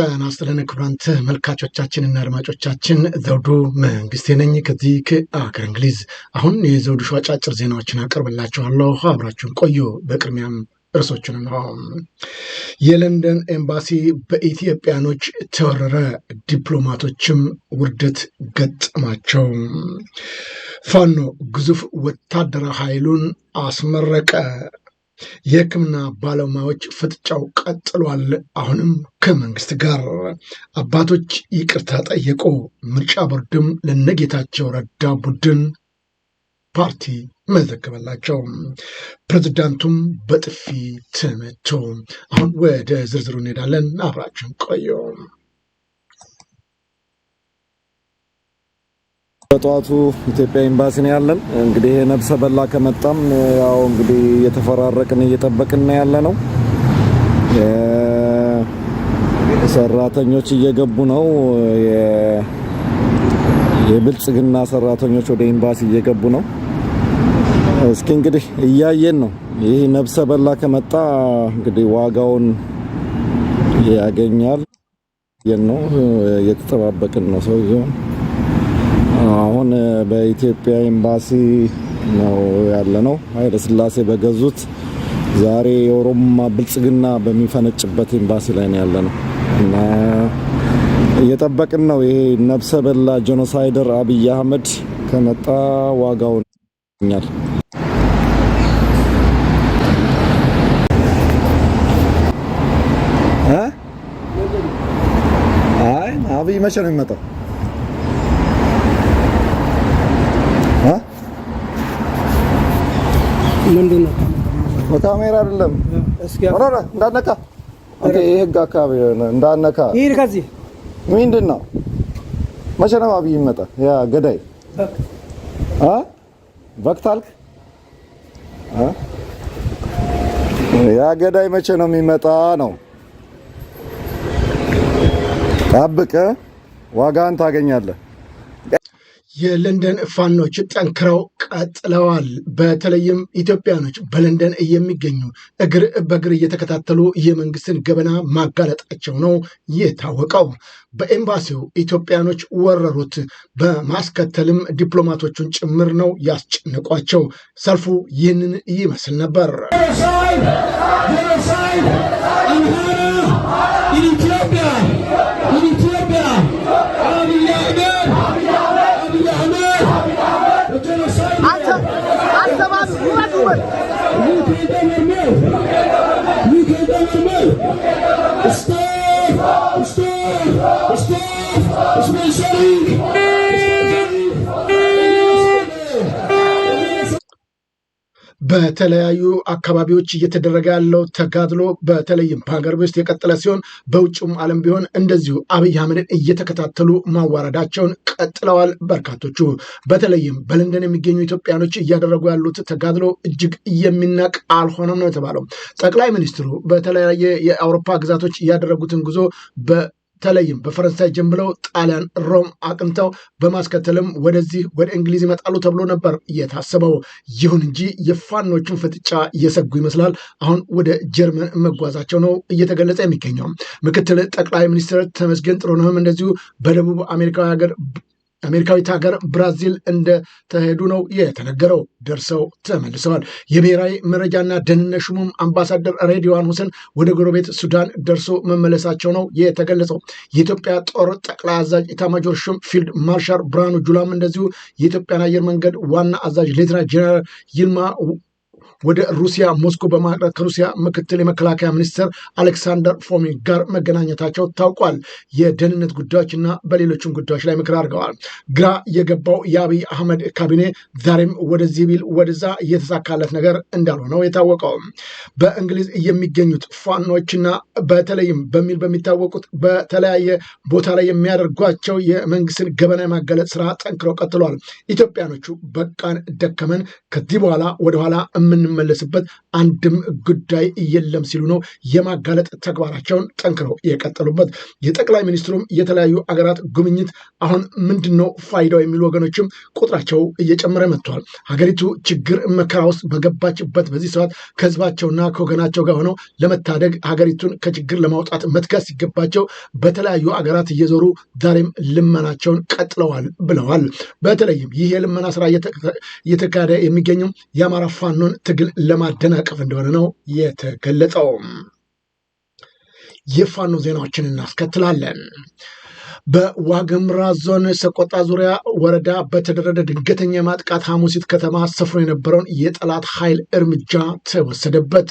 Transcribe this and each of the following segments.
ጤና ይስጥልን ክቡራን ተመልካቾቻችንና አድማጮቻችን ዘውዱ መንግስቴ ነኝ ከዚህ ከአገር እንግሊዝ። አሁን የዘውዱ ሾው አጫጭር ዜናዎችን አቀርብላችኋለሁ፣ አብራችሁን ቆዩ። በቅድሚያም እርሶችን ነው። የለንደን ኤምባሲ በኢትዮጵያኖች ተወረረ፣ ዲፕሎማቶችም ውርደት ገጠማቸው። ፋኖ ግዙፍ ወታደራዊ ኃይሉን አስመረቀ። የህክምና ባለሙያዎች ፍጥጫው ቀጥሏል። አሁንም ከመንግስት ጋር አባቶች ይቅርታ ጠየቁ። ምርጫ ቦርድም ለነጌታቸው ረዳ ቡድን ፓርቲ መዘገበላቸው። ፕሬዝዳንቱም በጥፊ ተመቶ። አሁን ወደ ዝርዝሩ እንሄዳለን። አብራችን ቆዩ። በጠዋቱ ኢትዮጵያ ኤምባሲ ነው ያለን። እንግዲህ ነብሰ በላ ከመጣም ያው እንግዲህ እየተፈራረቅን እየጠበቅን ያለ ነው። ሰራተኞች እየገቡ ነው። የብልጽግና ሰራተኞች ወደ ኤምባሲ እየገቡ ነው። እስኪ እንግዲህ እያየን ነው። ይህ ነብሰ በላ ከመጣ እንግዲህ ዋጋውን ያገኛል ነው። እየተጠባበቅን ነው ሰውየውን አሁን በኢትዮጵያ ኤምባሲ ነው ነው። ኃይለ ስላሴ በገዙት ዛሬ የኦሮማ ብልጽግና በሚፈነጭበት ኤምባሲ ላይ ነው ነው እና እየጠበቅን ነው። ይሄ ነብሰበላ በላ ጄኖሳይደር አብይ አህመድ ከመጣ ዋጋውን ኛል አብይ መቼ ነው የሚመጣው? ምንድን ነው? በካሜራ አይደለም። እስኪ ወራራ እንዳነካ አንተ የህግ አካባቢ የሆነ እንዳነካ ይሄ ከዚህ ምንድን ነው? መቼ ነው አብይ ይመጣ? ያ ገዳይ አ በክታልክ አ ያ ገዳይ መቼ ነው የሚመጣ ነው? ጠብቀህ ዋጋህን ታገኛለህ። የለንደን ፋኖች ጠንክረው ቀጥለዋል። በተለይም ኢትዮጵያኖች በለንደን የሚገኙ እግር በእግር እየተከታተሉ የመንግስትን ገበና ማጋለጣቸው ነው የታወቀው። በኤምባሲው ኢትዮጵያኖች ወረሩት። በማስከተልም ዲፕሎማቶቹን ጭምር ነው ያስጨንቋቸው ሰልፉ ይህንን ይመስል ነበር። ኢትዮጵያ በተለያዩ አካባቢዎች እየተደረገ ያለው ተጋድሎ በተለይም በሀገር ውስጥ የቀጠለ ሲሆን በውጭም ዓለም ቢሆን እንደዚሁ አብይ አህመድን እየተከታተሉ ማዋረዳቸውን ቀጥለዋል። በርካቶቹ በተለይም በለንደን የሚገኙ ኢትዮጵያኖች እያደረጉ ያሉት ተጋድሎ እጅግ የሚናቅ አልሆነም ነው የተባለው። ጠቅላይ ሚኒስትሩ በተለያየ የአውሮፓ ግዛቶች እያደረጉትን ጉዞ በተለይም በፈረንሳይ ጀምለው ጣሊያን ሮም አቅንተው በማስከተልም ወደዚህ ወደ እንግሊዝ ይመጣሉ ተብሎ ነበር የታሰበው። ይሁን እንጂ የፋኖቹን ፍጥጫ እየሰጉ ይመስላል አሁን ወደ ጀርመን መጓዛቸው ነው እየተገለጸ የሚገኘው። ምክትል ጠቅላይ ሚኒስትር ተመስገን ጥሩነህም እንደዚሁ በደቡብ አሜሪካ ሀገር አሜሪካዊት ሀገር ብራዚል እንደተሄዱ ነው የተነገረው። ደርሰው ተመልሰዋል። የብሔራዊ መረጃና ደህንነት ሹሙም አምባሳደር ሬድዋን ሁሴን ወደ ጎረቤት ሱዳን ደርሶ መመለሳቸው ነው የተገለጸው። የኢትዮጵያ ጦር ጠቅላይ አዛዥ ኢታማጆር ሹም ፊልድ ማርሻል ብርሃኑ ጁላም እንደዚሁ የኢትዮጵያን አየር መንገድ ዋና አዛዥ ሌትና ጀነራል ይልማ ወደ ሩሲያ ሞስኮ በማቅረት ከሩሲያ ምክትል የመከላከያ ሚኒስትር አሌክሳንደር ፎሚን ጋር መገናኘታቸው ታውቋል። የደህንነት ጉዳዮች እና በሌሎችም ጉዳዮች ላይ ምክር አድርገዋል። ግራ የገባው የአብይ አህመድ ካቢኔ ዛሬም ወደዚህ ቢል ወደዛ እየተሳካለት ነገር እንዳልሆነው የታወቀው በእንግሊዝ የሚገኙት ፋኖችና በተለይም በሚል በሚታወቁት በተለያየ ቦታ ላይ የሚያደርጓቸው የመንግስትን ገበና የማገለጥ ስራ ጠንክረው ቀጥሏል። ኢትዮጵያኖቹ በቃን፣ ደከመን ከዚህ በኋላ ወደኋላ እምን የምንመለስበት አንድም ጉዳይ የለም ሲሉ ነው የማጋለጥ ተግባራቸውን ጠንክረው የቀጠሉበት። የጠቅላይ ሚኒስትሩም የተለያዩ አገራት ጉብኝት አሁን ምንድን ነው ፋይዳው የሚሉ ወገኖችም ቁጥራቸው እየጨመረ መጥቷል። ሀገሪቱ ችግር መከራ ውስጥ በገባችበት በዚህ ሰዓት ከህዝባቸውና ከወገናቸው ጋር ሆነው ለመታደግ ሀገሪቱን ከችግር ለማውጣት መትጋት ሲገባቸው በተለያዩ አገራት እየዞሩ ዛሬም ልመናቸውን ቀጥለዋል ብለዋል። በተለይም ይህ የልመና ስራ እየተካሄደ የሚገኘው የአማራ ፋኖን ትግ ትግል ለማደናቀፍ እንደሆነ ነው የተገለጸው። የፋኖ ዜናዎችን እናስከትላለን። በዋግምራ ዞን ሰቆጣ ዙሪያ ወረዳ በተደረገ ድንገተኛ የማጥቃት ሐሙሲት ከተማ ሰፍሮ የነበረውን የጠላት ኃይል እርምጃ ተወሰደበት።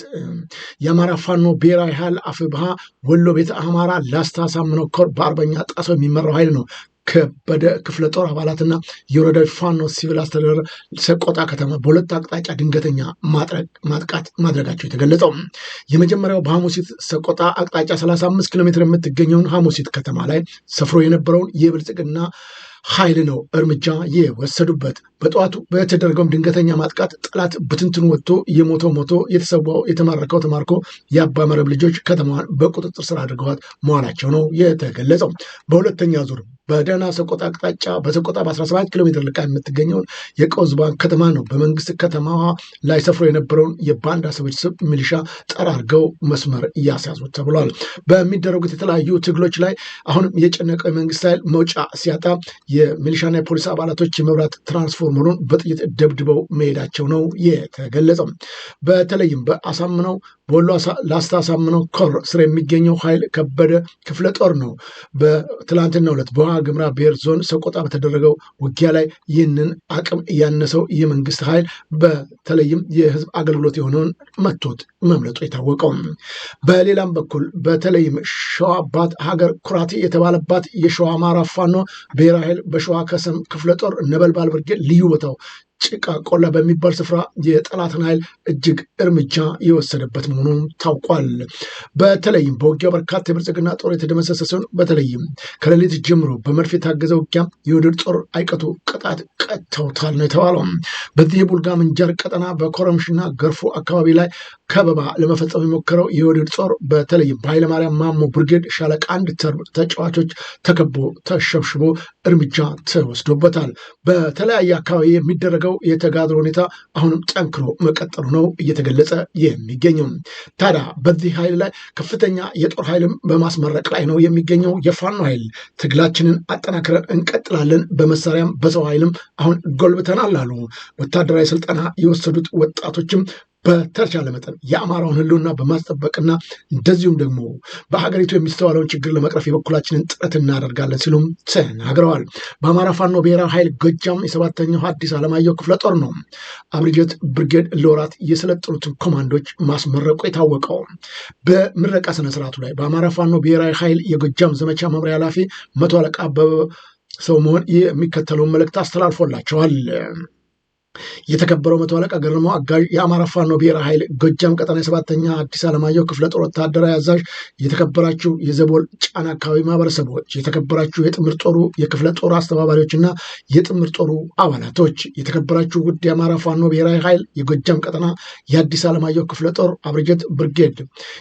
የአማራ ፋኖ ብሔራዊ ኃይል አፍብሃ ወሎ ቤተ አማራ ላስታ ሳምነው ኮር በአርበኛ ጣሰው የሚመራው ኃይል ነው ከበደ ክፍለ ጦር አባላትና የወረዳዊ ፋኖ ሲቪል አስተዳደር ሰቆጣ ከተማ በሁለት አቅጣጫ ድንገተኛ ማጥቃት ማድረጋቸው የተገለጸው የመጀመሪያው በሐሙሲት ሰቆጣ አቅጣጫ 35 ኪሎ ሜትር የምትገኘውን ሐሙሲት ከተማ ላይ ሰፍሮ የነበረውን የብልጽግና ኃይል ነው እርምጃ የወሰዱበት። በጠዋቱ በተደረገውም ድንገተኛ ማጥቃት ጠላት ብትንትን ወጥቶ የሞተው ሞቶ የተሰዋው የተማረከው ተማርኮ የአባመረብ ልጆች ከተማዋን በቁጥጥር ስር አድርገዋት መዋላቸው ነው የተገለጸው። በሁለተኛ ዙር በደህና ሰቆጣ አቅጣጫ በሰቆጣ በ17 ኪሎ ሜትር ልቃ የምትገኘውን የቀውስ ባንክ ከተማ ነው። በመንግስት ከተማዋ ላይ ሰፍሮ የነበረውን የባንዳ ስብስብ ሚሊሻ ጠራርገው መስመር እያስያዙት ተብሏል። በሚደረጉት የተለያዩ ትግሎች ላይ አሁንም የጨነቀው የመንግስት ኃይል መውጫ ሲያጣ የሚሊሻና የፖሊስ አባላቶች የመብራት ትራንስፎርመሩን በጥይት ደብድበው መሄዳቸው ነው የተገለጸው። በተለይም በአሳምነው በወሎ ላስታ አሳምነው ኮር ስር የሚገኘው ኃይል ከበደ ክፍለ ጦር ነው በትላንትና ሁለት በኋላ ዋግምራ ብሔር ዞን ሰቆጣ በተደረገው ውጊያ ላይ ይህንን አቅም ያነሰው የመንግስት ኃይል በተለይም የህዝብ አገልግሎት የሆነውን መቶት መምለጡ የታወቀው። በሌላም በኩል በተለይም ሸዋ አባት ሀገር ኩራት የተባለባት የሸዋ አማራ ፋኖ ብሔራዊ ኃይል በሸዋ ከሰም ክፍለ ጦር ነበልባል ብርጌድ ልዩ ቦታው ጭቃ ቆላ በሚባል ስፍራ የጠላትን ኃይል እጅግ እርምጃ የወሰደበት መሆኑን ታውቋል። በተለይም በውጊያው በርካታ የብልጽግና ጦር የተደመሰሰ ሲሆን በተለይም ከሌሊት ጀምሮ በመድፍ የታገዘ ውጊያ የወደድ ጦር አይቀቱ ቅጣት ቀጥተውታል ነው የተባለው። በዚህ የቡልጋ ምንጃር ቀጠና በኮረምሽና ገርፎ አካባቢ ላይ ከበባ ለመፈጸም የሞከረው የወደድ ጦር በተለይም በኃይለማርያም ማሞ ብርጌድ ሻለቃ አንድ ተጫዋቾች ተከቦ ተሸብሽቦ እርምጃ ተወስዶበታል። በተለያየ አካባቢ የሚደረገው የተጋድሎ ሁኔታ አሁንም ጠንክሮ መቀጠሉ ነው እየተገለጸ የሚገኘው። ታዲያ በዚህ ኃይል ላይ ከፍተኛ የጦር ኃይልም በማስመረቅ ላይ ነው የሚገኘው የፋኖ ኃይል። ትግላችንን አጠናክረን እንቀጥላለን፣ በመሳሪያም በሰው ኃይልም አሁን ጎልብተናል አሉ። ወታደራዊ ስልጠና የወሰዱት ወጣቶችም በተቻለ መጠን የአማራውን ህልውና በማስጠበቅና እንደዚሁም ደግሞ በሀገሪቱ የሚስተዋለውን ችግር ለመቅረፍ የበኩላችንን ጥረት እናደርጋለን ሲሉም ተናግረዋል። በአማራ ፋኖ ብሔራዊ ኃይል ጎጃም የሰባተኛው አዲስ አለማየው ክፍለ ጦር ነው አብሪጀት ብርጌድ ለወራት የሰለጠኑትን ኮማንዶች ማስመረቁ የታወቀው። በምረቃ ስነስርዓቱ ላይ በአማራ ፋኖ ብሔራዊ ኃይል የጎጃም ዘመቻ መምሪያ ኃላፊ መቶ አለቃ አበበ ሰው መሆን የሚከተለውን መልእክት አስተላልፎላቸዋል። የተከበረው መቶ አለቃ ገረመው አጋዥ የአማራ ፋኖ ብሔራዊ ኃይል ጎጃም ቀጠና የሰባተኛ አዲስ አለማየሁ ክፍለ ጦር ወታደራዊ አዛዥ፣ የተከበራችሁ የዘቦል ጫና አካባቢ ማህበረሰቦች፣ የተከበራችሁ የጥምር ጦሩ የክፍለ ጦር አስተባባሪዎችና የጥምር ጦሩ አባላቶች፣ የተከበራችሁ ውድ የአማራ ፋኖ ብሔራዊ ኃይል የጎጃም ቀጠና የአዲስ አለማየሁ ክፍለ ጦር አብርጀት ብርጌድ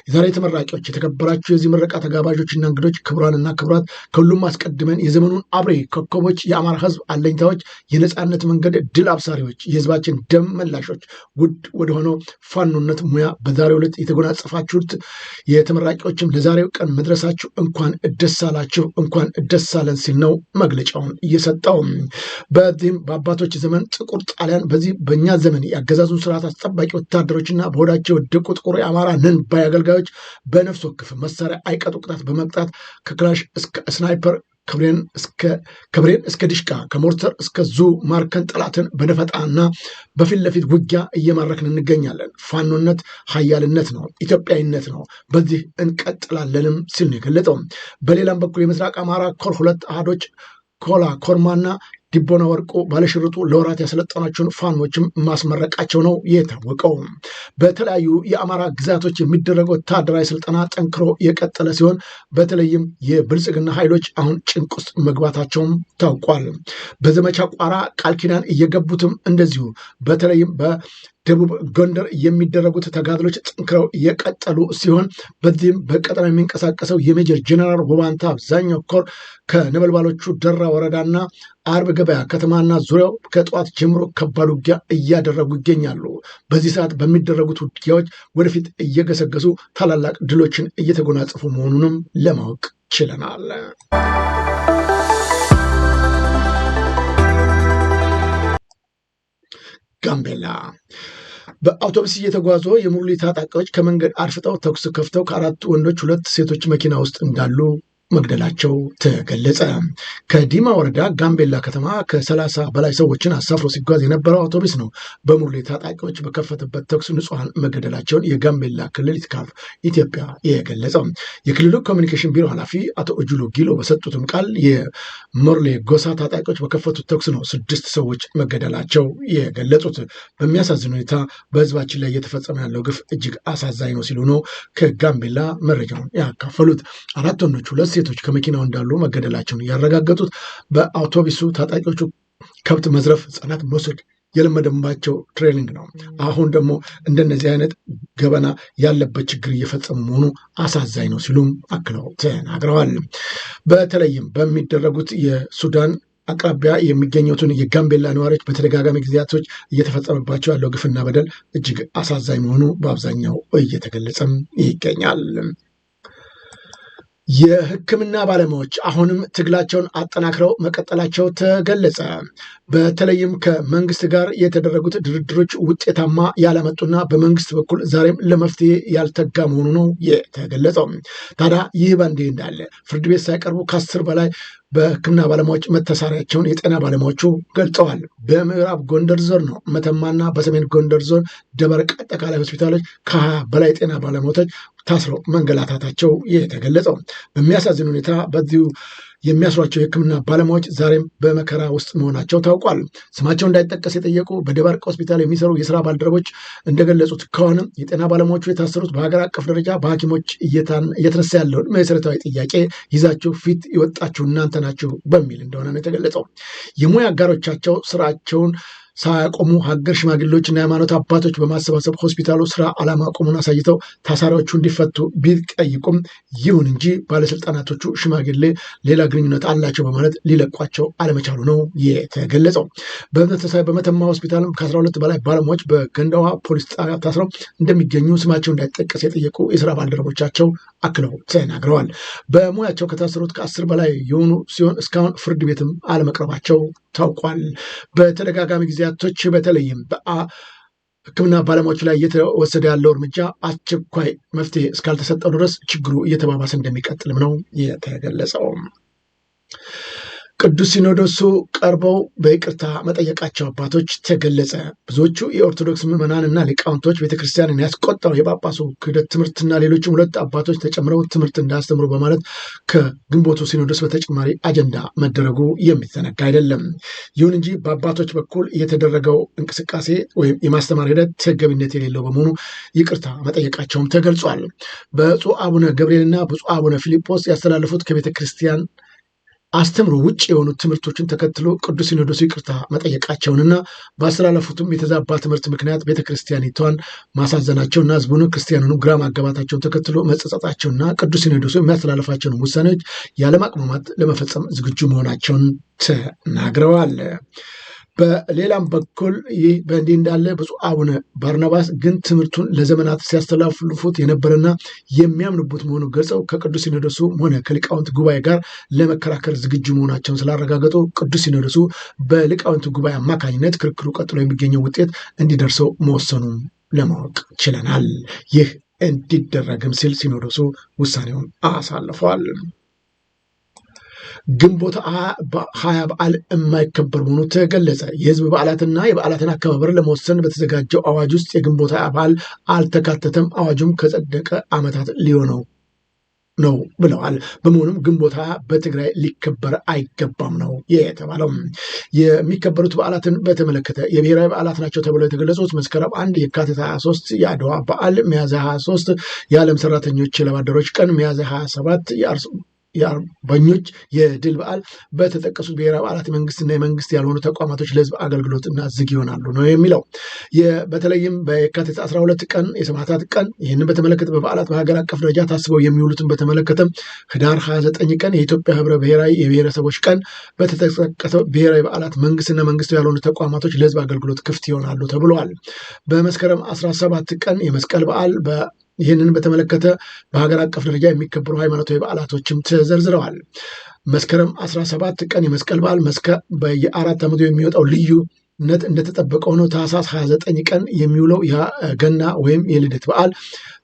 የዛሬ ተመራቂዎች፣ የተከበራችሁ የዚህ ምረቃ ተጋባዦችና እንግዶች፣ ክቡራንና ክቡራት ከሁሉም አስቀድመን የዘመኑን አብሬ ኮከቦች፣ የአማራ ህዝብ አለኝታዎች፣ የነፃነት መንገድ ድል አብሳሪዎች የህዝባችን ደም መላሾች ውድ ወደሆነው ፋኖነት ሙያ በዛሬው ዕለት የተጎናጸፋችሁት የተመራቂዎችም ለዛሬው ቀን መድረሳችሁ እንኳን ደስ አላችሁ፣ እንኳን ደስ አለን ሲል ነው መግለጫውን እየሰጠው። በዚህም በአባቶች ዘመን ጥቁር ጣሊያን፣ በዚህ በእኛ ዘመን የአገዛዙን ስርዓት አስጠባቂ ወታደሮችና በሆዳቸው የወደቁ ጥቁር የአማራ ነን ባይ አገልጋዮች በነፍስ ወከፍ መሳሪያ አይቀጡ ቅጣት በመቅጣት ከክላሽ እስከ ስናይፐር ክብሬን እስከ ድሽቃ ከሞርተር እስከ ዙ ማርከን ጠላትን በደፈጣና በፊት ለፊት ውጊያ እየማረክን እንገኛለን። ፋኖነት ሀያልነት ነው፣ ኢትዮጵያዊነት ነው። በዚህ እንቀጥላለንም ሲል ነው የገለጠው። በሌላም በኩል የምስራቅ አማራ ኮር ሁለት አህዶች ኮላ ኮርማና ዲቦና ወርቆ ባለሽርጡ ለወራት ያሰለጠናቸውን ፋኖችም ማስመረቃቸው ነው የታወቀው። በተለያዩ የአማራ ግዛቶች የሚደረገው ወታደራዊ ስልጠና ጠንክሮ የቀጠለ ሲሆን በተለይም የብልጽግና ኃይሎች አሁን ጭንቅ ውስጥ መግባታቸውም ታውቋል። በዘመቻ ቋራ ቃል ኪዳን እየገቡትም እንደዚሁ በተለይም ደቡብ ጎንደር የሚደረጉት ተጋድሎች ጠንክረው የቀጠሉ ሲሆን በዚህም በቀጠና የሚንቀሳቀሰው የሜጀር ጀነራል ወባንታ አብዛኛው ኮር ከነበልባሎቹ ደራ ወረዳና አርብ ገበያ ከተማና ዙሪያው ከጠዋት ጀምሮ ከባድ ውጊያ እያደረጉ ይገኛሉ። በዚህ ሰዓት በሚደረጉት ውጊያዎች ወደፊት እየገሰገሱ ታላላቅ ድሎችን እየተጎናጸፉ መሆኑንም ለማወቅ ችለናል። ጋምቤላ በአውቶቡስ እየተጓዙ የሙርሊ ታጣቂዎች ከመንገድ አድፍጠው ተኩስ ከፍተው ከአራት ወንዶች ሁለት ሴቶች መኪና ውስጥ እንዳሉ መግደላቸው ተገለጸ። ከዲማ ወረዳ ጋምቤላ ከተማ ከሰላሳ በላይ ሰዎችን አሳፍሮ ሲጓዝ የነበረው አውቶቡስ ነው በሙርሌ ታጣቂዎች በከፈተበት ተኩስ ንጹሐን መገደላቸውን የጋምቤላ ክልል ኢትካፍ ኢትዮጵያ የገለጸው የክልሉ ኮሚኒኬሽን ቢሮ ኃላፊ አቶ እጁሉ ጊሎ በሰጡትም ቃል የሞርሌ ጎሳ ታጣቂዎች በከፈቱት ተኩስ ነው ስድስት ሰዎች መገደላቸው የገለጹት። በሚያሳዝን ሁኔታ በህዝባችን ላይ እየተፈጸመ ያለው ግፍ እጅግ አሳዛኝ ነው ሲሉ ነው ከጋምቤላ መረጃውን ያካፈሉት። አራት ወንዶች ሁለት ሴቶች ከመኪናው እንዳሉ መገደላቸውን ያረጋገጡት በአውቶቡሱ ታጣቂዎቹ ከብት መዝረፍ፣ ህጻናት መውሰድ የለመደባቸው ትሬኒንግ ነው። አሁን ደግሞ እንደነዚህ አይነት ገበና ያለበት ችግር እየፈጸሙ መሆኑ አሳዛኝ ነው ሲሉም አክለው ተናግረዋል። በተለይም በሚደረጉት የሱዳን አቅራቢያ የሚገኙትን የጋምቤላ ነዋሪዎች በተደጋጋሚ ጊዜያቶች እየተፈጸመባቸው ያለው ግፍና በደል እጅግ አሳዛኝ መሆኑ በአብዛኛው እየተገለጸም ይገኛል። የህክምና ባለሙያዎች አሁንም ትግላቸውን አጠናክረው መቀጠላቸው ተገለጸ። በተለይም ከመንግስት ጋር የተደረጉት ድርድሮች ውጤታማ ያላመጡና በመንግስት በኩል ዛሬም ለመፍትሄ ያልተጋ መሆኑ ነው የተገለጸው። ታዲያ ይህ በእንዲህ እንዳለ ፍርድ ቤት ሳይቀርቡ ከአስር በላይ በሕክምና ባለሙያዎች መተሳሪያቸውን የጤና ባለሙያዎቹ ገልጸዋል። በምዕራብ ጎንደር ዞን ነው መተማና በሰሜን ጎንደር ዞን ደበርቅ አጠቃላይ ሆስፒታሎች ከሀያ በላይ ጤና ባለሙያዎች ታስረው መንገላታታቸው የተገለጸው በሚያሳዝን ሁኔታ በዚሁ የሚያስሯቸው የህክምና ባለሙያዎች ዛሬም በመከራ ውስጥ መሆናቸው ታውቋል። ስማቸው እንዳይጠቀስ የጠየቁ በደባርቅ ሆስፒታል የሚሰሩ የስራ ባልደረቦች እንደገለጹት ከሆነ የጤና ባለሙያዎቹ የታሰሩት በሀገር አቀፍ ደረጃ በሐኪሞች እየተነሳ ያለውን መሰረታዊ ጥያቄ ይዛችሁ ፊት የወጣችሁ እናንተ ናችሁ በሚል እንደሆነ ነው የተገለጸው። የሙያ አጋሮቻቸው ስራቸውን ሳያቆሙ ሀገር ሽማግሌዎችና የሃይማኖት አባቶች በማሰባሰብ ሆስፒታሉ ስራ ቁሙን አሳይተው ታሳሪዎቹ እንዲፈቱ ቢጠይቁም ይሁን እንጂ ባለስልጣናቶቹ ሽማግሌ ሌላ ግንኙነት አላቸው በማለት ሊለቋቸው አለመቻሉ ነው የተገለጸው። በተመሳሳይ በመተማ ሆስፒታልም ከ ሁለት በላይ ባለሙያዎች በገንዳዋ ፖሊስ ጣቢያ ታስረው እንደሚገኙ ስማቸው እንዳይጠቀስ የጠየቁ የስራ ባልደረቦቻቸው አክለው ተናግረዋል። በሙያቸው ከታሰሩት ከአስር በላይ የሆኑ ሲሆን እስካሁን ፍርድ ቤትም አለመቅረባቸው ታውቋል። በተደጋጋሚ ጊዜያቶች በተለይም ሕክምና ባለሙያዎች ላይ እየተወሰደ ያለው እርምጃ አስቸኳይ መፍትሄ እስካልተሰጠው ድረስ ችግሩ እየተባባሰ እንደሚቀጥልም ነው የተገለጸው። ቅዱስ ሲኖዶሱ ቀርበው በይቅርታ መጠየቃቸው አባቶች ተገለጸ። ብዙዎቹ የኦርቶዶክስ ምዕመናንና ሊቃውንቶች ቤተክርስቲያንን ያስቆጣው የጳጳሱ ክህደት ትምህርትና ሌሎችም ሁለት አባቶች ተጨምረው ትምህርት እንዳያስተምሩ በማለት ከግንቦቱ ሲኖዶስ በተጨማሪ አጀንዳ መደረጉ የሚዘነጋ አይደለም። ይሁን እንጂ በአባቶች በኩል የተደረገው እንቅስቃሴ ወይም የማስተማር ሂደት ተገቢነት የሌለው በመሆኑ ይቅርታ መጠየቃቸውም ተገልጿል። ብፁዕ አቡነ ገብርኤልና ብፁዕ አቡነ ፊልጶስ ያስተላለፉት ከቤተክርስቲያን አስተምሮ ውጭ የሆኑ ትምህርቶችን ተከትሎ ቅዱስ ሲኖዶሱ ይቅርታ መጠየቃቸውንና በአስተላለፉትም የተዛባ ትምህርት ምክንያት ቤተክርስቲያኒቷን ማሳዘናቸውና ህዝቡን ክርስቲያኑን ግራ ማገባታቸውን ተከትሎ መጸጸታቸውና ቅዱስ ሲኖዶሱ የሚያስተላለፋቸውን ውሳኔዎች ያለማቅማማት ለመፈጸም ዝግጁ መሆናቸውን ተናግረዋል። በሌላም በኩል ይህ በእንዲህ እንዳለ ብፁዕ አቡነ ባርናባስ ግን ትምህርቱን ለዘመናት ሲያስተላልፉት የነበረና የሚያምኑበት መሆኑ ገልጸው ከቅዱስ ሲኖዶሱ ሆነ ከሊቃውንት ጉባኤ ጋር ለመከራከር ዝግጁ መሆናቸውን ስላረጋገጡ ቅዱስ ሲኖዶሱ በሊቃውንት ጉባኤ አማካኝነት ክርክሩ ቀጥሎ የሚገኘው ውጤት እንዲደርሰው መወሰኑም ለማወቅ ችለናል። ይህ እንዲደረግም ሲል ሲኖዶሱ ውሳኔውን አሳልፏል። ግንቦት ሀያ በዓል የማይከበር መሆኑ ተገለጸ። የህዝብ በዓላትና የበዓላትን አከባበር ለመወሰን በተዘጋጀው አዋጅ ውስጥ የግንቦት ሀያ በዓል አልተካተተም። አዋጁም ከጸደቀ ዓመታት ሊሆነው ነው ብለዋል። በመሆኑም ግንቦት በትግራይ ሊከበር አይገባም ነው የተባለው። የሚከበሩት በዓላትን በተመለከተ የብሔራዊ በዓላት ናቸው ተብሎ የተገለጹት መስከረም አንድ፣ የካቲት 23 የአድዋ በዓል፣ ሚያዝያ 23 የዓለም ሰራተኞች ለባደሮች ቀን፣ ሚያዝያ 27 የአርሶ የአርበኞች የድል በዓል በተጠቀሱት ብሔራዊ በዓላት የመንግስትና የመንግስት ያልሆኑ ተቋማቶች ለህዝብ አገልግሎትና ዝግ ይሆናሉ ነው የሚለው። በተለይም በየካቲት 12 ቀን የሰማዕታት ቀን ይህንን በተመለከተ በበዓላት በሀገር አቀፍ ደረጃ ታስበው የሚውሉትን በተመለከተ ህዳር 29 ቀን የኢትዮጵያ ህብረ ብሔራዊ የብሔረሰቦች ቀን በተጠቀሰው ብሔራዊ በዓላት መንግስትና መንግስት ያልሆኑ ተቋማቶች ለህዝብ አገልግሎት ክፍት ይሆናሉ ተብለዋል። በመስከረም 17 ቀን የመስቀል በዓል ይህንን በተመለከተ በሀገር አቀፍ ደረጃ የሚከበሩ ሃይማኖታዊ በዓላቶችም ተዘርዝረዋል። መስከረም 17 ቀን የመስቀል በዓል በየአራት ዓመቱ የሚወጣው ልዩ ነት እንደተጠበቀው ነው። ታህሳስ 29 ቀን የሚውለው ገና ወይም የልደት በዓል፣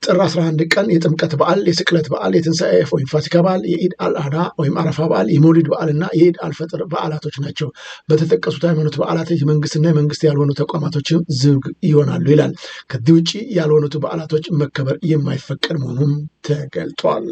ጥር 11 ቀን የጥምቀት በዓል፣ የስቅለት በዓል፣ የትንሣኤ ወይም ፋሲካ በዓል፣ የኢድ አልአዳ ወይም አረፋ በዓል፣ የመውሊድ በዓልና የኢድ አልፈጥር በዓላቶች ናቸው። በተጠቀሱት ሃይማኖት በዓላቶች የመንግስትና የመንግስት ያልሆኑ ተቋማቶችም ዝግ ይሆናሉ ይላል። ከዚህ ውጭ ያልሆኑት በዓላቶች መከበር የማይፈቀድ መሆኑም ተገልጧል።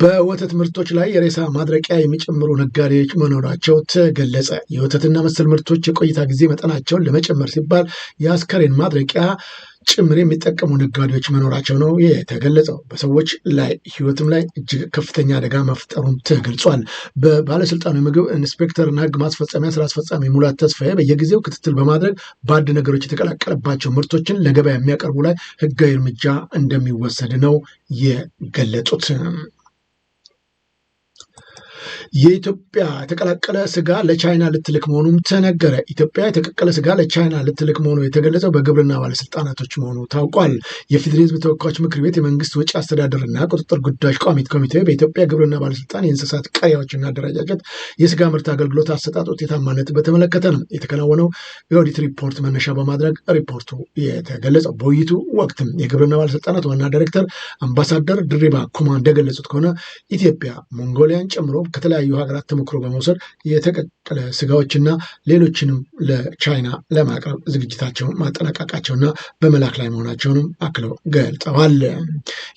በወተት ምርቶች ላይ የሬሳ ማድረቂያ የሚጨምሩ ነጋዴዎች መኖራቸው ተገለጸ። የወተትና መሰል ምርቶች የቆይታ ጊዜ መጠናቸውን ለመጨመር ሲባል የአስከሬን ማድረቂያ ጭምር የሚጠቀሙ ነጋዴዎች መኖራቸው ነው የተገለጸው። በሰዎች ላይ ህይወትም ላይ እጅግ ከፍተኛ አደጋ መፍጠሩም ተገልጿል። በባለስልጣኑ የምግብ ኢንስፔክተርና ህግ ማስፈጸሚያ ስራ አስፈጻሚ ሙላት ተስፋዬ በየጊዜው ክትትል በማድረግ ባድ ነገሮች የተቀላቀለባቸው ምርቶችን ለገበያ የሚያቀርቡ ላይ ህጋዊ እርምጃ እንደሚወሰድ ነው የገለጹት። የኢትዮጵያ የተቀላቀለ ስጋ ለቻይና ልትልክ መሆኑም ተነገረ። ኢትዮጵያ የተቀቀለ ስጋ ለቻይና ልትልክ መሆኑ የተገለጸው በግብርና ባለስልጣናቶች መሆኑ ታውቋል። የፌዴራል ህዝብ ተወካዮች ምክር ቤት የመንግስት ወጪ አስተዳደርና ቁጥጥር ጉዳዮች ቋሚት ኮሚቴ በኢትዮጵያ ግብርና ባለስልጣን የእንስሳት ቀሪያዎችና አደረጃጀት የስጋ ምርት አገልግሎት አሰጣጥ ውጤታማነት በተመለከተ ነው የተከናወነው የኦዲት ሪፖርት መነሻ በማድረግ ሪፖርቱ የተገለጸው። በውይይቱ ወቅትም የግብርና ባለስልጣናት ዋና ዳይሬክተር አምባሳደር ድሪባ ኩማ እንደገለጹት ከሆነ ኢትዮጵያ ሞንጎሊያን ጨምሮ ከተለያዩ ከተለያዩ ሀገራት ተሞክሮ በመውሰድ የተቀቀለ ስጋዎችና ሌሎችንም ለቻይና ለማቅረብ ዝግጅታቸውን ማጠናቀቃቸውና በመላክ ላይ መሆናቸውንም አክለው ገልጸዋል።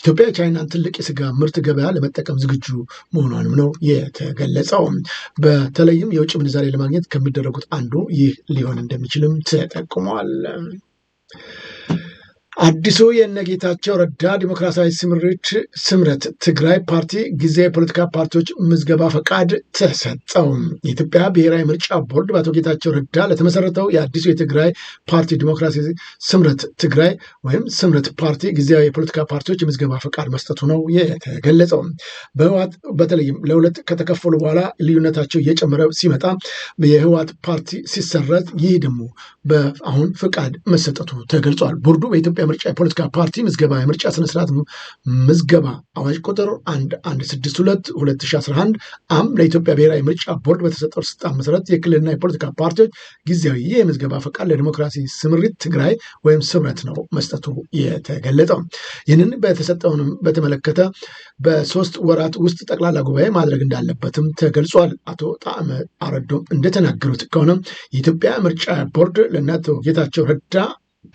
ኢትዮጵያ የቻይናን ትልቅ የስጋ ምርት ገበያ ለመጠቀም ዝግጁ መሆኗንም ነው የተገለጸው። በተለይም የውጭ ምንዛሬ ለማግኘት ከሚደረጉት አንዱ ይህ ሊሆን እንደሚችልም ተጠቁሟል። አዲሱ የነጌታቸው ረዳ ዲሞክራሲያዊ ስምሪት ስምረት ትግራይ ፓርቲ ጊዜ የፖለቲካ ፓርቲዎች ምዝገባ ፈቃድ ተሰጠው። የኢትዮጵያ ብሔራዊ ምርጫ ቦርድ በአቶ ጌታቸው ረዳ ለተመሰረተው የአዲሱ የትግራይ ፓርቲ ዲሞክራሲ ስምረት ትግራይ ወይም ስምረት ፓርቲ ጊዜያዊ የፖለቲካ ፓርቲዎች የምዝገባ ፈቃድ መስጠቱ ነው የተገለጸው። በህዋት በተለይም ለሁለት ከተከፈሉ በኋላ ልዩነታቸው እየጨመረ ሲመጣ የህዋት ፓርቲ ሲሰረዝ፣ ይህ ደግሞ በአሁን ፈቃድ መሰጠቱ ተገልጿል። ቦርዱ በኢትዮጵያ ምርጫ የፖለቲካ ፓርቲ ምዝገባ የምርጫ ስነስርዓት ምዝገባ አዋጅ ቁጥር 1162 2011 አም ለኢትዮጵያ ብሔራዊ ምርጫ ቦርድ በተሰጠው ስልጣን መሰረት የክልልና የፖለቲካ ፓርቲዎች ጊዜያዊ የምዝገባ ፈቃድ ለዲሞክራሲ ስምሪት ትግራይ ወይም ስምረት ነው መስጠቱ የተገለጠው። ይህንን በተሰጠውንም በተመለከተ በሶስት ወራት ውስጥ ጠቅላላ ጉባኤ ማድረግ እንዳለበትም ተገልጿል። አቶ ጣዕመ አረዶም እንደተናገሩት ከሆነ የኢትዮጵያ ምርጫ ቦርድ ለእናቶ ጌታቸው ረዳ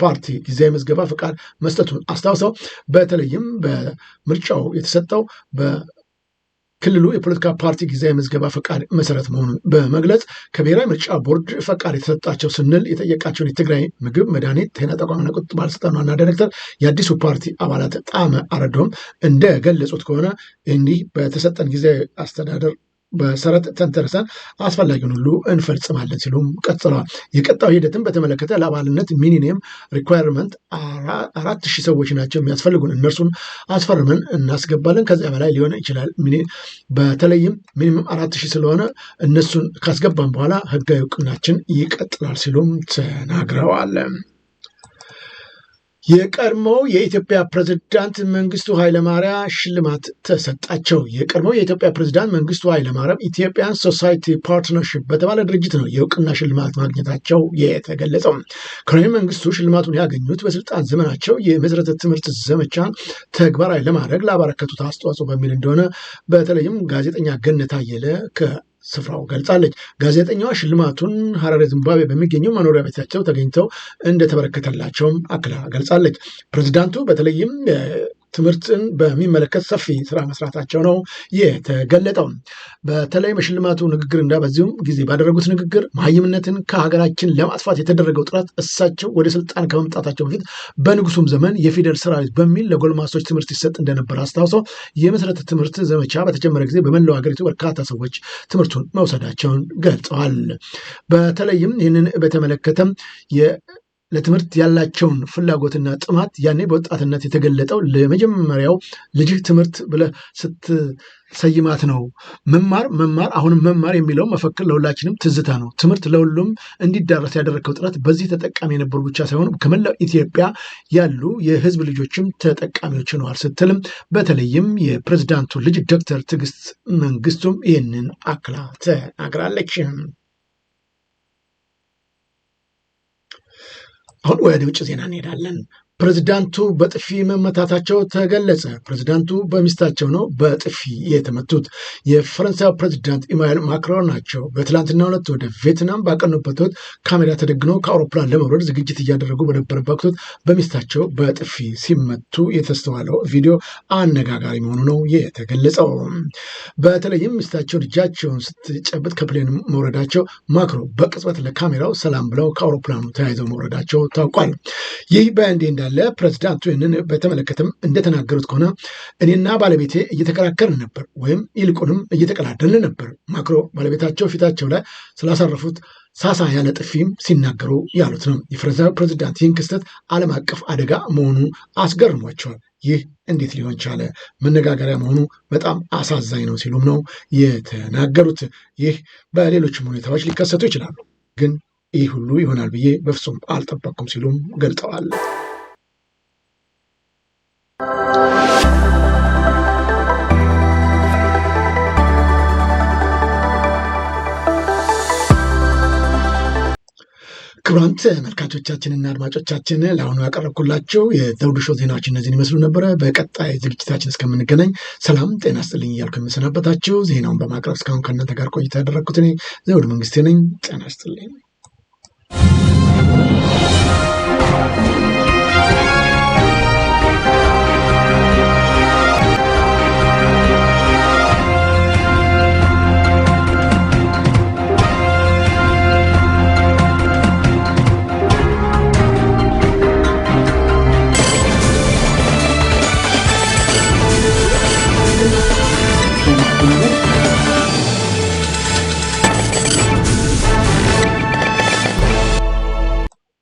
ፓርቲ ጊዜያዊ ምዝገባ ፈቃድ መስጠቱን አስታውሰው በተለይም በምርጫው የተሰጠው በክልሉ የፖለቲካ ፓርቲ ጊዜያዊ ምዝገባ ፈቃድ መሰረት መሆኑን በመግለጽ ከብሔራዊ ምርጫ ቦርድ ፈቃድ የተሰጣቸው ስንል የጠየቃቸውን የትግራይ ምግብ መድኃኒት ጤና ተቋምና ቁጥጥር ባለስልጣን ዋና ዳይሬክተር የአዲሱ ፓርቲ አባላት ጣመ አረዶም እንደገለጹት ከሆነ እንዲህ በተሰጠን ጊዜያዊ አስተዳደር በሰረት ተንተርሰን አስፈላጊውን ሁሉ እንፈጽማለን ሲሉም ቀጥለዋል። የቀጣው ሂደትን በተመለከተ ለአባልነት ሚኒመም ሪኳየርመንት አራት ሺህ ሰዎች ናቸው የሚያስፈልጉን። እነርሱን አስፈርመን እናስገባለን። ከዚያ በላይ ሊሆን ይችላል። በተለይም ሚኒመም አራት ሺህ ስለሆነ እነሱን ካስገባን በኋላ ህጋዊ እውቅናችን ይቀጥላል ሲሉም ተናግረዋል። የቀድሞው የኢትዮጵያ ፕሬዝዳንት መንግስቱ ኃይለማርያም ሽልማት ተሰጣቸው። የቀድሞው የኢትዮጵያ ፕሬዝዳንት መንግስቱ ኃይለማርያም ኢትዮጵያን ሶሳይቲ ፓርትነርሽፕ በተባለ ድርጅት ነው የእውቅና ሽልማት ማግኘታቸው የተገለጸው። ኮሎኔል መንግስቱ ሽልማቱን ያገኙት በስልጣን ዘመናቸው የመሰረተ ትምህርት ዘመቻን ተግባራዊ ለማድረግ ላበረከቱት አስተዋጽኦ በሚል እንደሆነ በተለይም ጋዜጠኛ ገነት አየለ ስፍራው ገልጻለች። ጋዜጠኛዋ ሽልማቱን ሀረሬ ዝምባብዌ በሚገኘው መኖሪያ ቤታቸው ተገኝተው እንደተበረከተላቸውም አክላ ገልጻለች። ፕሬዚዳንቱ በተለይም ትምህርትን በሚመለከት ሰፊ ስራ መስራታቸው ነው የተገለጠው። በተለይ በሽልማቱ ንግግርና በዚሁም ጊዜ ባደረጉት ንግግር መሀይምነትን ከሀገራችን ለማጥፋት የተደረገው ጥረት እሳቸው ወደ ስልጣን ከመምጣታቸው በፊት በንጉሱም ዘመን የፊደል ሰራዊት በሚል ለጎልማሶች ትምህርት ይሰጥ እንደነበር አስታውሰው የመሰረተ ትምህርት ዘመቻ በተጀመረ ጊዜ በመላው ሀገሪቱ በርካታ ሰዎች ትምህርቱን መውሰዳቸውን ገልጸዋል። በተለይም ይህንን በተመለከተም ለትምህርት ያላቸውን ፍላጎትና ጥማት ያኔ በወጣትነት የተገለጠው ለመጀመሪያው ልጅህ ትምህርት ብለህ ስትሰይማት ነው። መማር መማር አሁንም መማር የሚለው መፈክር ለሁላችንም ትዝታ ነው። ትምህርት ለሁሉም እንዲዳረስ ያደረግከው ጥረት በዚህ ተጠቃሚ የነበሩ ብቻ ሳይሆኑ ከመላው ኢትዮጵያ ያሉ የህዝብ ልጆችም ተጠቃሚዎች ነዋል ስትልም በተለይም የፕሬዝዳንቱ ልጅ ዶክተር ትዕግስት መንግስቱም ይህንን አክላ ተናግራለች። አሁን ወደ ውጭ ዜና እንሄዳለን። ፕሬዝዳንቱ በጥፊ መመታታቸው ተገለጸ። ፕሬዝዳንቱ በሚስታቸው ነው በጥፊ የተመቱት። የፈረንሳይ ፕሬዝዳንት ኢማኤል ማክሮን ናቸው። በትላንትና ሁለት ወደ ቪየትናም ባቀኑበት ወቅት ካሜራ ተደግኖ ከአውሮፕላን ለመውረድ ዝግጅት እያደረጉ በነበረበት ወቅት በሚስታቸው በጥፊ ሲመቱ የተስተዋለው ቪዲዮ አነጋጋሪ መሆኑ ነው የተገለጸው። በተለይም ሚስታቸውን እጃቸውን ስትጨብጥ ከፕሌን መውረዳቸው ማክሮ በቅጽበት ለካሜራው ሰላም ብለው ከአውሮፕላኑ ተያይዘው መውረዳቸው ታውቋል። ይህ በእንዲህ እንዳለ እንዳለ ፕሬዚዳንቱ ይህንን በተመለከተም እንደተናገሩት ከሆነ እኔና ባለቤቴ እየተከራከርን ነበር፣ ወይም ይልቁንም እየተቀላደልን ነበር። ማክሮ ባለቤታቸው ፊታቸው ላይ ስላሳረፉት ሳሳ ያለ ጥፊም ሲናገሩ ያሉት ነው። የፈረንሳዊ ፕሬዚዳንት ይህን ክስተት ዓለም አቀፍ አደጋ መሆኑ አስገርሟቸዋል። ይህ እንዴት ሊሆን ቻለ? መነጋገሪያ መሆኑ በጣም አሳዛኝ ነው ሲሉም ነው የተናገሩት። ይህ በሌሎችም ሁኔታዎች ሊከሰቱ ይችላሉ ግን ይህ ሁሉ ይሆናል ብዬ በፍጹም አልጠበቅኩም ሲሉም ገልጠዋል። ክቡራን ተመልካቾቻችንና አድማጮቻችን ለአሁኑ ያቀረብኩላቸው የዘውዱ ሾው ዜናዎች እነዚህን ይመስሉ ነበረ። በቀጣይ ዝግጅታችን እስከምንገናኝ ሰላም ጤና ስጥልኝ እያልኩ የምሰናበታችሁ ዜናውን በማቅረብ እስካሁን ከእናንተ ጋር ቆይታ ያደረግኩት እኔ ዘውዱ መንግስቴ ነኝ። ጤና ስጥልኝ።